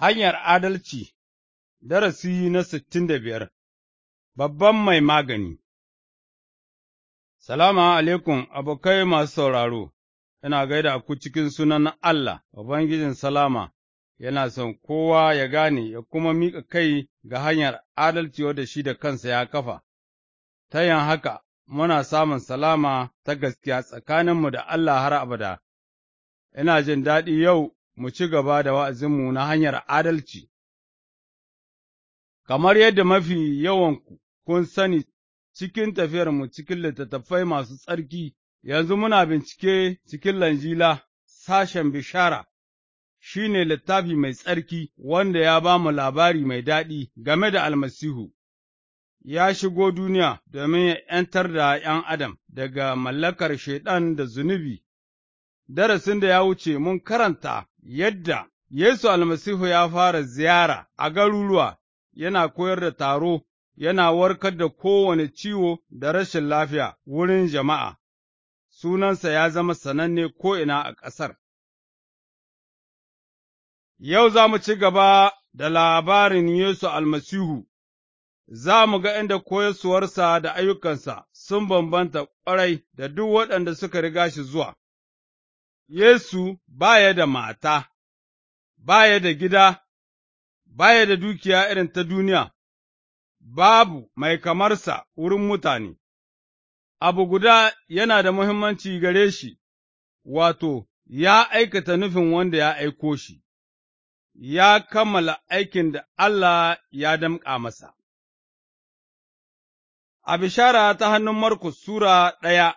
Hanyar Adalci Darasi na sittin da biyar Babban Mai Magani Salama alaikum abokai masu sauraro, ina gaida ku cikin sunan Allah, Ubangijin Salama, yana son kowa ya gane ya kuma miƙa kai ga hanyar adalci wadda shi da kansa ya kafa, ta yin haka muna samun salama ta gaskiya tsakaninmu da Allah har abada. Ina jin daɗi yau mu ci gaba da wa'azinmu na hanyar adalci, kamar yadda mafi yawanku kun sani cikin tafiyarmu cikin littattafai masu tsarki, yanzu muna bincike cikin Lanjila sashen bishara, shi ne littafi mai tsarki wanda ya ba mu labari mai daɗi game da almasihu. ya shigo duniya domin ya ’yantar da ’yan Adam daga mallakar Shaiɗan da zunubi, darasin da ya wuce mun karanta yadda Yesu almasihu ya fara ziyara a garuruwa, yana koyar da taro, yana warkar da kowane ciwo da rashin lafiya wurin jama'a, sunansa ya zama sananne ko'ina a ƙasar. Yau za mu ci gaba da labarin Yesu almasihu, za mu ga inda koyarsuwarsa da ayyukansa sun bambanta ƙwarai da duk waɗanda suka riga shi zuwa. Yesu ba ya da mata, ba ya da gida, ba ya da dukiya irin ta duniya, babu mai kamarsa wurin mutane, abu guda yana da muhimmanci gare shi, wato, ya aikata nufin wanda ya aiko shi, ya kammala aikin da Allah ya damƙa masa. A bishara ta hannun Markus Sura ɗaya,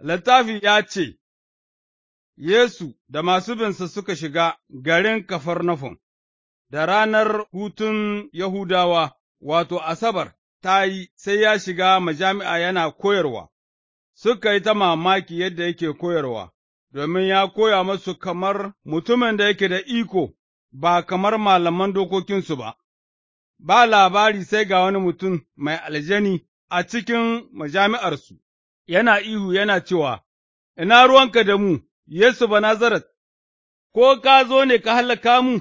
littafi ya ce, Yesu da masu binsa suka shiga garin Kafarnafon, da ranar hutun Yahudawa, wato Asabar, ta yi sai ya shiga majami'a yana koyarwa, suka yi ta mamaki yadda yake koyarwa, domin ya koya masu kamar mutumin da yake da iko, ba kamar malaman dokokinsu ba. Ba labari sai ga wani mutum mai aljani a cikin majami'arsu, yana ihu yana cewa, Ina ruwanka da mu, Yesu Banazaret, ko ka zo ne ka hallaka mu,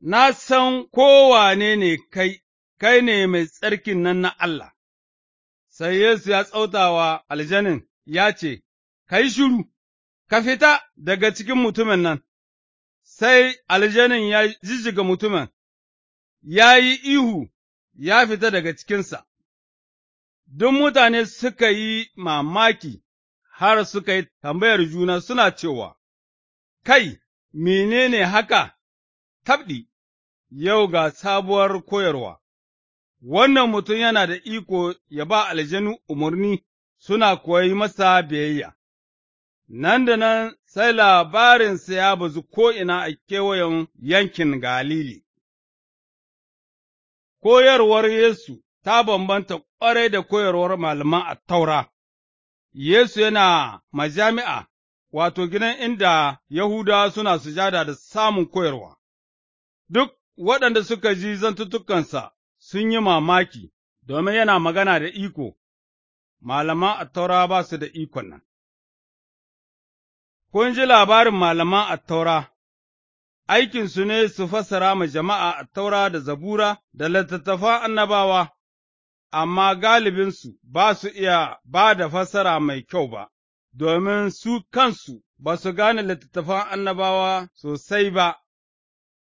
na san kowane ne kai, kai ne mai tsarkin nan na Allah. Sai Yesu ya tsauta wa aljanin ya ce, Ka yi shiru, ka fita daga cikin mutumin nan, sai aljanin ya jijjiga mutumin, ya yi ihu, ya fita daga cikinsa, duk mutane suka yi mamaki. har suka yi tambayar juna suna cewa, Kai, menene haka? tabdi, yau ga sabuwar koyarwa, wannan mutum yana da iko ya ba aljanu umarni suna koyi masa biyayya. Nan da nan sai labarinsa ya bazu ko'ina a kewayen yankin Galili. Koyarwar Yesu ta bambanta ƙwarai da koyarwar malaman a taura. Yesu yana majami'a, wato gidan inda yahuda suna sujada da samun koyarwa, duk waɗanda suka ji zantuttukansa sun yi mamaki, domin yana magana da iko, malaman attaura ba su da ikon nan. Kun ji labarin malaman attaura, aikinsu ne su fasara ma jama'a attaura da zabura da littattafan annabawa. amma galibinsu ba su iya ba da fassara mai kyau ba, domin su kansu ba su gane littattafan annabawa sosai ba,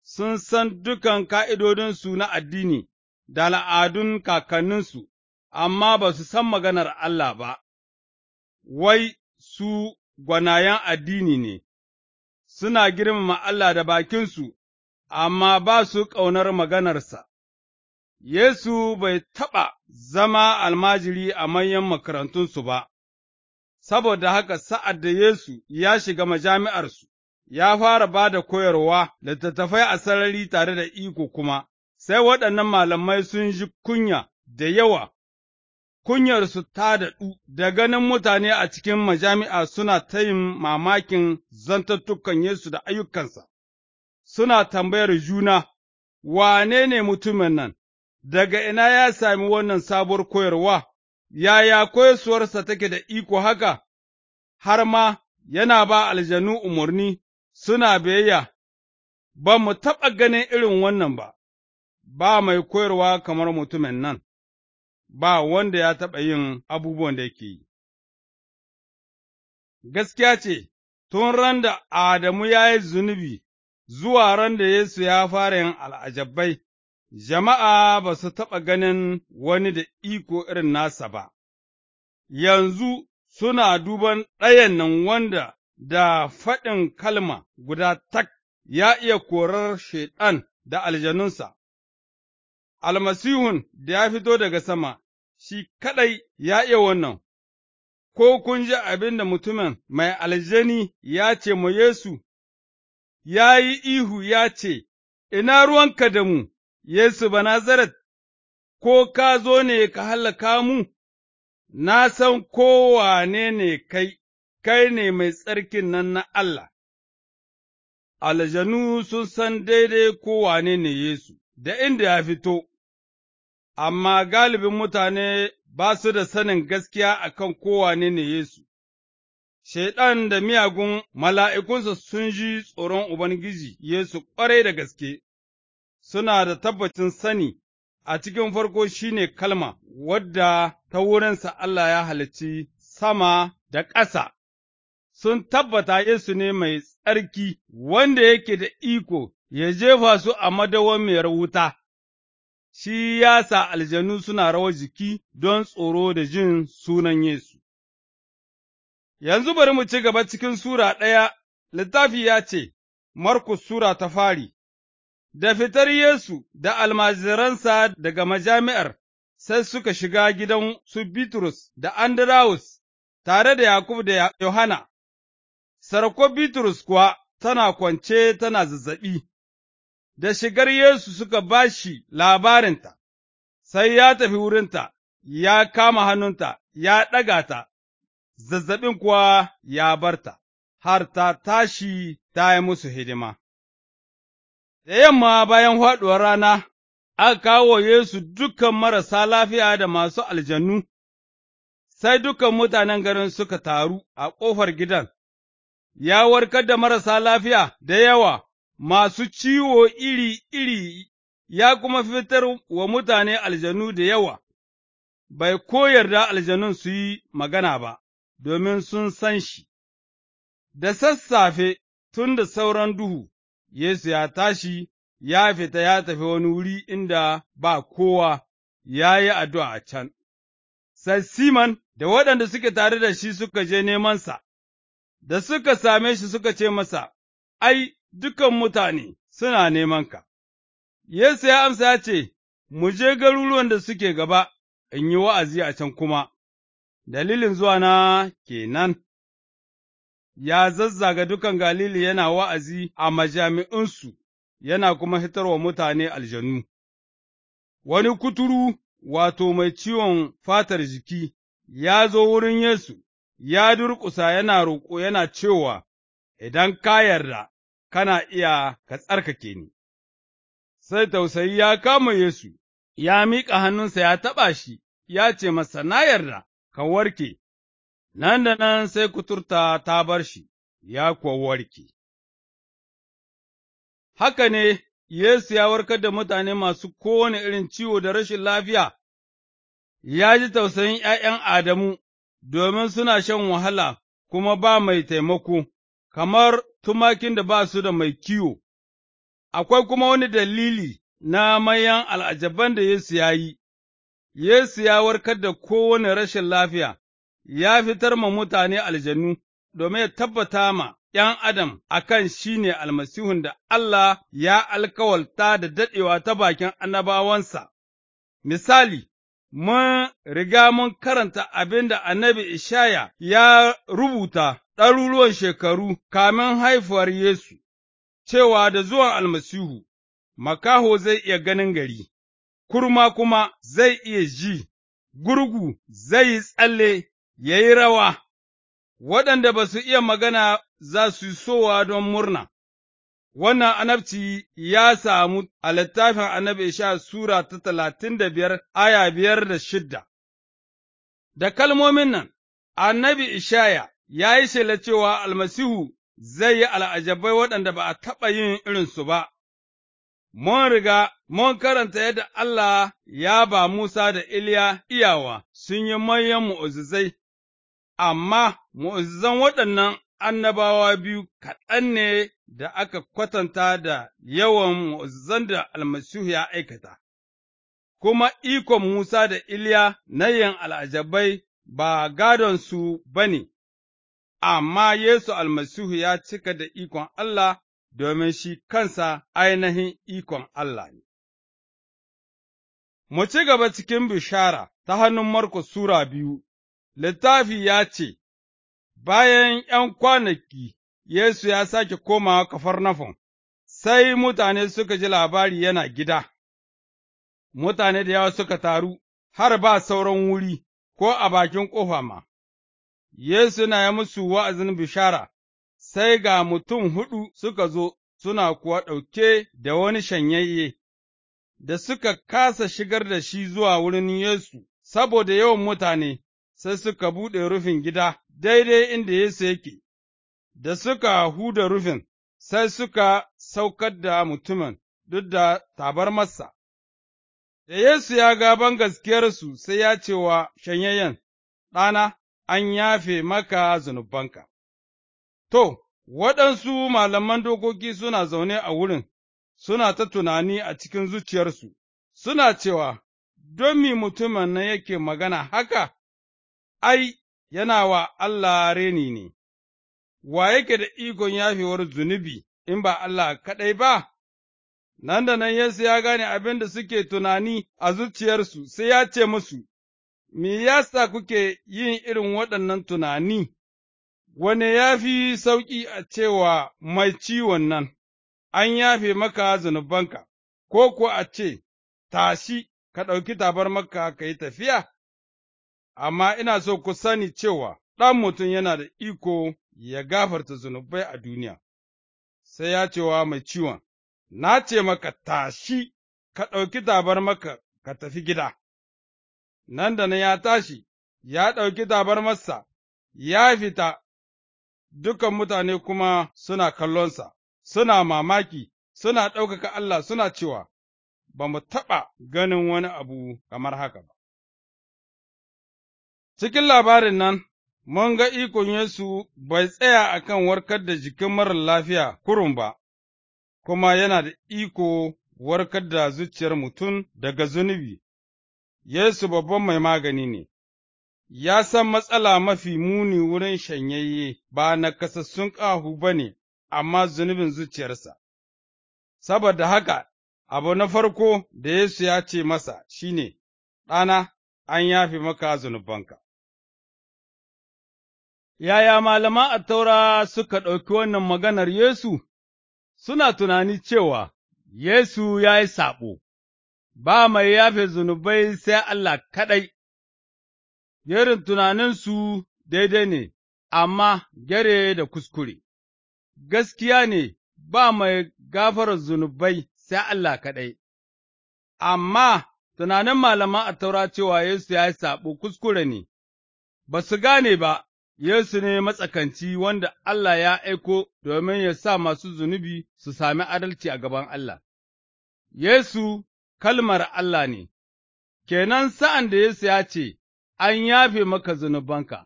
sun san dukan ka'idodinsu na addini da al'adun kakanninsu, amma ba su san maganar Allah ba, wai su gwanayen addini ne, suna girmama Allah da bakinsu, amma ba su ƙaunar maganarsa. Yesu bai taɓa zama almajiri a manyan makarantunsu ba, saboda haka sa'ad da Yesu ya shiga majami'arsu, ya fara ba da koyarwa da tattafai a sarari tare da iko kuma, sai waɗannan malamai sun ji kunya da yawa, kunyarsu ta daɗu da ganin mutane a cikin majami'a suna ta yin mamakin zantattukan Yesu da ayyukansa, suna tambayar juna, wane ne mutumin nan? daga ina ya sami wannan sabuwar koyarwa, yaya koyarsuwarsa take da iko haka, har ma yana ba aljanu umarni suna biyayya, ba mu taɓa ganin irin wannan ba, ba mai koyarwa kamar mutumin nan, ba wanda ya taɓa yin abubuwan da yake yi. Gaskiya ce, tun ran da Adamu ya yi zunubi zuwa ran da Yesu ya fara yin al'ajabai. jama'a ba su taɓa ganin wani da iko irin nasa ba, yanzu suna duban ɗayan nan wanda da faɗin kalma guda tak ya iya korar Shaiɗan da aljanunsa, almasihun da ya fito daga sama, shi kaɗai ya iya wannan, ko kun ji abin da mutumin mai aljani ya ce ma Yesu, ya yi ihu ya ce, Ina ruwanka da mu? Yesu Banazaret, ko ka zo ne ka hallaka mu, na san kowane ne kai, kai ne mai tsarkin nan na Allah. Aljanu sun san daidai kowane ne Yesu, da inda ya fito, amma galibin mutane ba su da sanin gaskiya a kan kowane ne Yesu, Shaiɗan da miyagun mala'ikunsa sun ji tsoron Ubangiji Yesu ƙwarai da gaske. suna da tabbacin sani a cikin farko shine kalma, wadda ta wurinsa Allah ya halicci sama da ƙasa, sun tabbata Yesu ne mai tsarki wanda yake da iko ya jefa su a mai wuta, shi ya sa aljanu suna rawar jiki don tsoro da jin sunan Yesu. Yanzu bari mu ci gaba cikin Sura ɗaya, littafi ya ce, Markus Sura ta fari. Da fitar Yesu da almaziransa daga majami'ar, sai suka shiga gidan su Bitrus da andraus tare da Yakubu da Yohana, sarko Bitrus kuwa tana kwance tana zazzaɓi, da shigar Yesu suka ba shi labarinta, sai ya tafi wurinta, ya kama hannunta, ya ɗaga ta, zazzaɓin kuwa ya barta, har ta tashi ta yi musu hidima. Da yamma bayan faɗuwar rana, aka kawo Yesu dukan marasa lafiya da masu aljanu. sai dukan mutanen garin suka taru a ƙofar gidan, ya warkar da marasa lafiya da yawa, masu ciwo iri-iri, ya kuma fitar wa mutane aljanu da yawa, bai koyar da aljanun su yi magana ba, domin sun san shi. Da sassafe tun da sauran duhu, Yesu ya tashi, ya fita ya tafi wani wuri inda ba kowa, ya yi addu'a a can. Sai Siman da waɗanda suke tare da shi suka je nemansa, da suka same shi suka ce masa, Ai, dukan mutane suna neman ka.' Yesu ya amsa ya ce, Mu je garuruwan da suke gaba, in yi wa'azi a can kuma, dalilin zuwa na kenan. ya zazzaga dukan Galili yana wa'azi a majami'unsu, yana kuma hitarwa mutane aljanu. Wani kuturu, wato mai ciwon fatar jiki, ya zo wurin Yesu, ya durƙusa yana roƙo yana cewa, Idan ka yarda, kana iya ka tsarkake ni. Sai tausayi ya kama Yesu, ya miƙa hannunsa ya taɓa shi, ya ce masa, Na yarda, ka warke, nan da nan sai kuturta ta bar shi, ya kuwa warke. Haka ne, Yesu ya warkar da mutane masu kowane irin ciwo da rashin lafiya, ya ji tausayin ’ya'yan Adamu domin suna shan wahala kuma ba mai taimako, kamar tumakin da ba su da mai kiwo. Akwai kuma wani dalili na mayan al'ajaban da Yesu ya yi, Yesu ya warkar da kowane rashin lafiya, ya fitar ma mutane aljanu domin ya tabbata ma ’yan adam a kan shi ne almasihun da Allah ya alkawalta da daɗewa ta bakin annabawansa. Misali, mun riga mun karanta abin da annabi Ishaya ya rubuta ɗaruruwan shekaru kamin haifuwar Yesu, cewa da zuwan almasihu, makaho zai iya ganin gari, kurma kuma zai iya ji, gurgu zai yi tsalle, ya yi rawa, waɗanda ba su iya magana za su yi sowa don murna. Wannan anabci ya samu a littafin annabi Isha Sura ta talatin da biyar, aya biyar da shidda. Da kalmomin nan, annabi Ishaya ya yi shela cewa almasihu zai yi al'ajabai waɗanda ba a taɓa yin irinsu ba, mun riga mun karanta yadda Allah ya ba Musa da Iliya iyawa sun yi manyan mu'uzuzai amma mu'ujizan waɗannan annabawa biyu kaɗan ne da aka kwatanta da yawan mu'ujizan da almasihu ya aikata, kuma ikon Musa da Iliya na yin al'ajabai ba gadonsu ba ne, amma Yesu almasihu ya cika da ikon Allah domin shi kansa ainihin ikon Allah ne. Mu ci gaba cikin bishara ta hannun Markus Sura biyu. littafi ya ce, Bayan ’yan kwanaki, Yesu ya sake komawa Kafarnafon, sai mutane suka ji labari yana gida, mutane da yawa suka taru, har ba sauran wuri ko a bakin ƙofa ma. Yesu na ya musu wa'azin bishara, sai ga mutum huɗu suka zo suna kuwa ɗauke da wani shanyayye, da suka kasa shigar da shi zuwa wurin Yesu saboda yawan mutane, sai suka buɗe rufin gida daidai inda Yesu yake, da suka huda rufin, sai suka saukar da mutumin duk da masa. Da Yesu ya ga bangaskiyarsu sai ya ce wa shanyayyen, ɗana, an yafe maka zunubanka. To, waɗansu malaman dokoki suna zaune a wurin, suna ta tunani a cikin zuciyarsu, suna cewa, Don mi mutumin nan yake magana haka, ai, yana wa Allah reni ne, wa yake da ikon yafewar zunubi in ba Allah kaɗai ba? Nan da nan Yesu ya gane abin da suke tunani a zuciyarsu, sai ya ce musu, Me yasa kuke yin irin waɗannan tunani, wane ya fi sauƙi a cewa mai ciwon nan, an yafe maka zunubanka, ko kuwa a ce, Tashi, ka ɗauki tabar maka ka yi tafiya? amma ina so ku sani cewa ɗan mutum yana da iko ya gafarta zunubai a duniya, sai ya cewa mai ciwon, Na ce maka tashi, ka ɗauki tabar maka ka tafi gida, nan da nan ya tashi, ya ɗauki tabar masa, ya fita, dukan mutane kuma suna kallonsa, suna mamaki, suna ɗaukaka Allah suna cewa, Ba mu taɓa ganin wani abu kamar haka ba. Cikin labarin nan, mun ga ikon Yesu bai tsaya a kan warkar da jikin marar lafiya kurum ba, kuma yana da iko warkar da zuciyar mutum daga zunubi, Yesu babban mai magani ne, ya san matsala mafi muni wurin shanyayye ba na kasassun ƙahu ba ne, amma zunubin zuciyarsa. Saboda haka, abu na farko da Yesu ya ce masa shi ne, ɗana, an yafe maka zunubanka. Yaya malaman attaura suka ɗauki wannan maganar Yesu, suna tunani cewa Yesu ya yi saɓo, ba mai yafe zunubai sai Allah kaɗai, Yarin tunaninsu daidai ne, amma gere da kuskure, gaskiya ne ba mai gafarar zunubai sai Allah kaɗai, amma tunanin malaman attaura cewa Yesu ya yi saɓo kuskure ne, ba su gane ba. Yesu ne matsakanci wanda Allah ya aiko domin ya sa masu zunubi su sami adalci a gaban Allah. Yesu kalmar Allah ne, kenan sa'an da Yesu ya ce, An yafe maka zunubanka,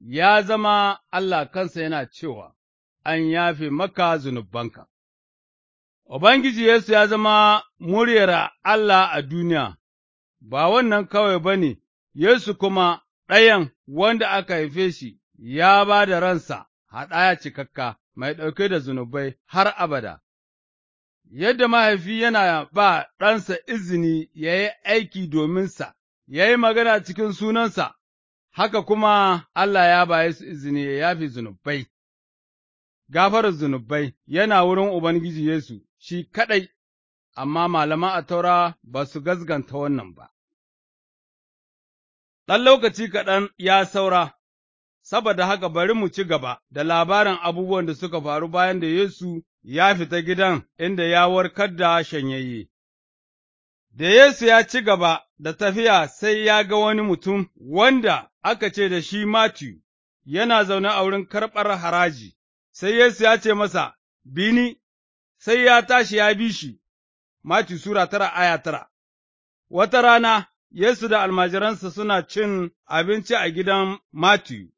ya zama Allah kansa yana cewa, An yafe maka zunubanka. Ubangiji Yesu ya zama muryar Allah a duniya, ba wannan kawai ba ne, Yesu kuma ɗayan wanda aka haife shi ya ba da ransa haɗaya cikakka mai ɗauke da zunubai har abada. Yadda mahaifi yana ba ɗansa izini ya yi aiki dominsa, ya yi magana cikin sunansa, haka kuma Allah ya baye su izini ya yafi zunubai. Gafarar zunubai yana wurin Ubangiji Yesu shi kaɗai, amma malaman a taura ba su gazganta wannan ba. ɗan lokaci kaɗan ya saura, saboda haka bari mu ci gaba da labarin abubuwan da suka faru bayan da Yesu ya fita gidan inda ya warkar da shanyayye. Da Yesu ya ci gaba da tafiya sai ya ga wani mutum wanda aka ce da shi Matthew yana zaune a wurin karɓar haraji, sai Yesu ya ce masa, Bini, sai ya tashi ya bi shi, Matthew Sura tara aya tara. Wata rana Yesu da almajiransa suna cin abinci a gidan Matiyu,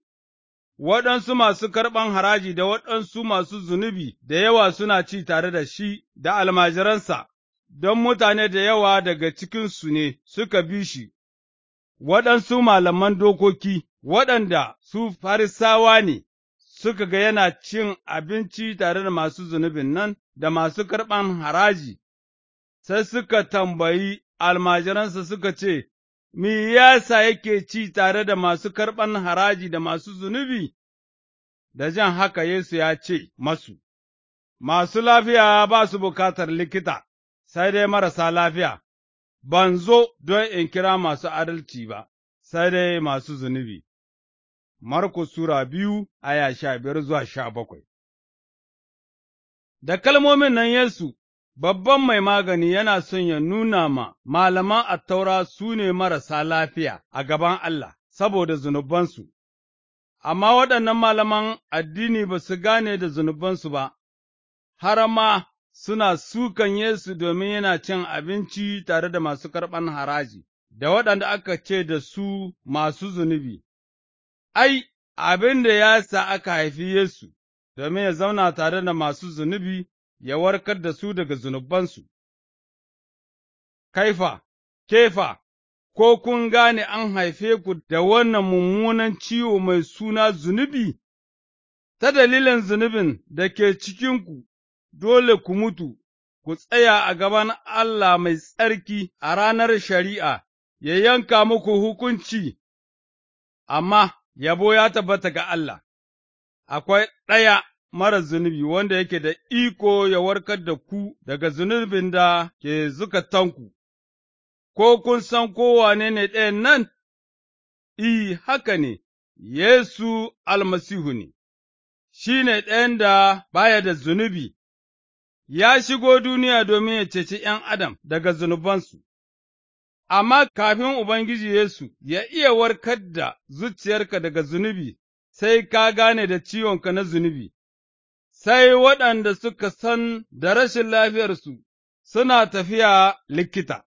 waɗansu masu karɓan haraji da waɗansu masu zunubi da yawa suna ci tare da shi da almajiransa, don mutane da yawa daga cikinsu ne suka bi shi, waɗansu malaman dokoki waɗanda su farisawa ne suka ga yana cin abinci tare da masu zunubin nan da masu karɓan haraji, sai suka tambayi almajiransa suka ce, mi yasa yake ci tare da masu karɓan haraji da masu zunubi? Da jan haka Yesu ya ce masu, Masu lafiya ba su bukatar likita, sai dai marasa lafiya, ban zo don in kira masu adalci ba, sai dai masu zunubi. Markus Sura biyu aya sha biyar zuwa sha bakwai Da kalmomin nan Yesu babban mai magani yana son ya nuna ma malaman attaura su ne marasa lafiya a gaban Allah saboda zunubansu, amma waɗannan malaman addini ba su gane da zunubansu ba, har ma suna sukan Yesu domin yana cin abinci tare da masu karɓan haraji, da waɗanda aka ce da su masu zunubi. Ai, abin da ya sa aka haifi Yesu, domin ya zauna tare da masu zunubi ya warkar da su daga zunubansu. Kaifa, kefa, ko kun gane an haife ku da wannan mummunan ciwo mai suna zunubi, ta dalilin zunubin da ke cikinku, dole ku mutu, ku tsaya a gaban Allah mai tsarki a ranar shari'a, ya yanka muku hukunci, amma yabo ya tabbata ga Allah, akwai ɗaya marar zunubi wanda yake da iko ya warkar da ku daga zunubin da ke zukatanku, ko kun san kowane ne ɗayan nan? I, haka ne, Yesu almasihu ne, shi ne ɗayan da baya da zunubi, ya shigo duniya domin ya ceci ’yan adam daga zunubansu. Amma kafin Ubangiji Yesu ya iya warkar da zuciyarka daga zunubi, sai ka gane da ciwonka na zunubi, sai waɗanda suka san da rashin lafiyarsu suna tafiya likita,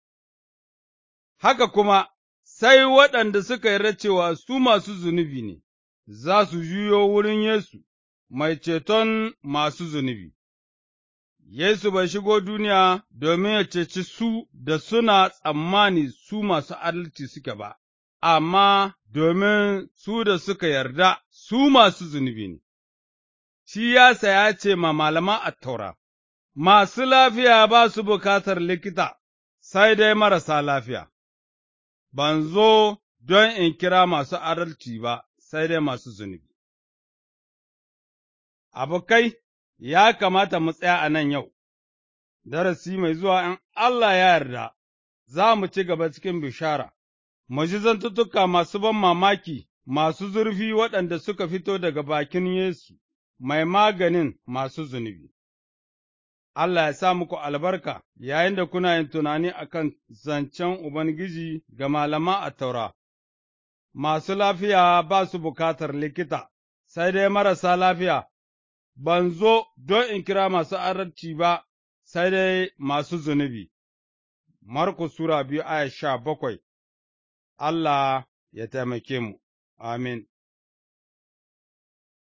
haka kuma sai waɗanda suka yarda cewa su masu zunubi ne, za su juyo wurin Yesu, mai ceton masu zunubi. Yesu bai shigo duniya domin ya ceci su da suna tsammani su masu adalci suke ba, amma domin su da suka yarda su masu zunubi ne. shi ya saya ce ma malaman attaura, masu lafiya ba su bukatar likita, sai dai marasa lafiya, ban zo don in kira masu adalci ba, sai dai masu zunubi. Abokai, ya kamata mu tsaya a nan yau, darasi mai zuwa in Allah ya yarda, za mu ci gaba cikin bishara, mu ji zantuttuka masu ban mamaki, masu zurfi waɗanda suka fito daga bakin Yesu. mai maganin masu zunubi. Allah ya sa muku albarka yayin da kuna yin tunani a kan zancen Ubangiji ga malama a taura, masu lafiya ba su bukatar likita, sai dai marasa lafiya, ban zo don in kira masu adalci ba, sai dai masu zunubi. marku Sura biyu aya sha bakwai Allah ya taimake mu, amin.